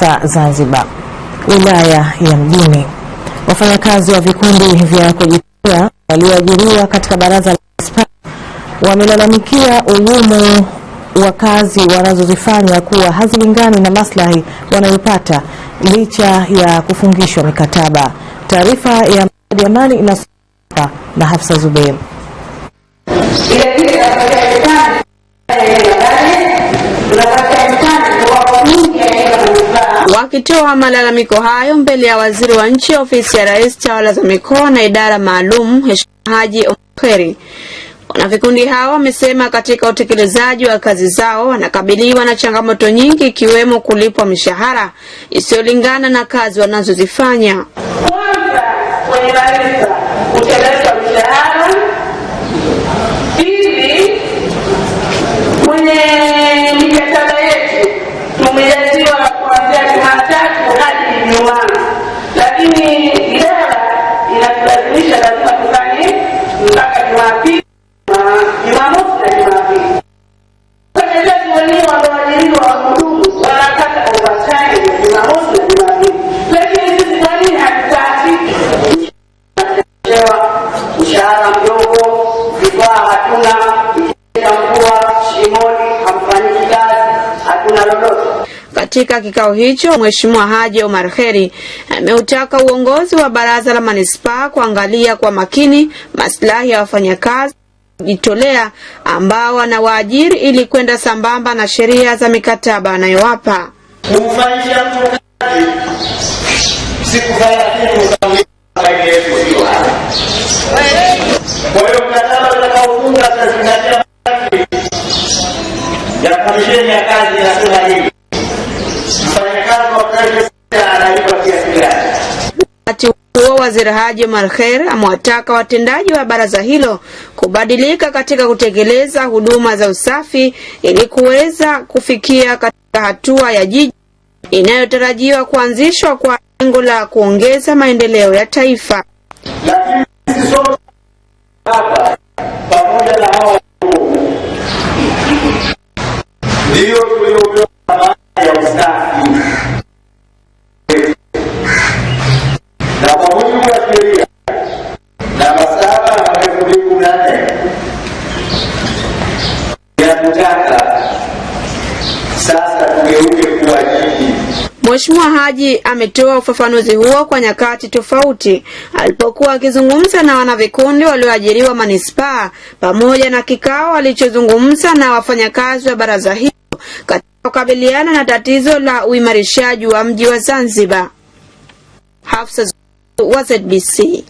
Mombasa, Zanzibar. Wilaya ya Mjini, wafanyakazi wa vikundi vya kujitolea walioajiriwa katika baraza la manispaa wamelalamikia ugumu wa kazi wanazozifanya kuwa hazilingani na maslahi wanayopata licha ya kufungishwa mikataba. Taarifa ya Mradi Amani na Hafsa Zubeir. Wakitoa malalamiko hayo mbele ya waziri wa nchi ofisi ya rais tawala za mikoa na idara maalum Mheshimiwa Haji Omkheri, wanavikundi hao wamesema katika utekelezaji wa kazi zao wanakabiliwa na changamoto nyingi ikiwemo kulipwa mishahara isiyolingana na kazi wanazozifanya. mshahara mdogo, vifaa hatuna, mvua shimoni, hamfanyiki kazi, hatuna lolote. Katika kikao hicho Mheshimiwa Haji Omar Kheri ameutaka uongozi wa baraza la manispaa kuangalia kwa makini maslahi ya wafanyakazi jitolea ambao wanawaajiri ili kwenda sambamba na sheria za mikataba anayowapa kumfanyisha mtu kazi, sikufanya kitu ya ya Kazi ya sura hii, Wakati huo Waziri Haji Omar amewataka watendaji wa baraza hilo kubadilika katika kutekeleza huduma za usafi ili kuweza kufikia katika hatua ya jiji inayotarajiwa kuanzishwa kwa lengo la kuongeza maendeleo ya taifa. Lakini sisi sote hapa ndiyo baada ya ustafi na kwa mujibu wa sheria namba saba na elfu mbili kumi na nne inatutaka sasa tugeuke Mheshimiwa Haji ametoa ufafanuzi huo kwa nyakati tofauti alipokuwa akizungumza na wanavikundi walioajiriwa manispaa pamoja na kikao alichozungumza na wafanyakazi wa baraza hili kukabiliana na tatizo la uimarishaji wa mji wa Zanzibar. Hafsa wa ZBC.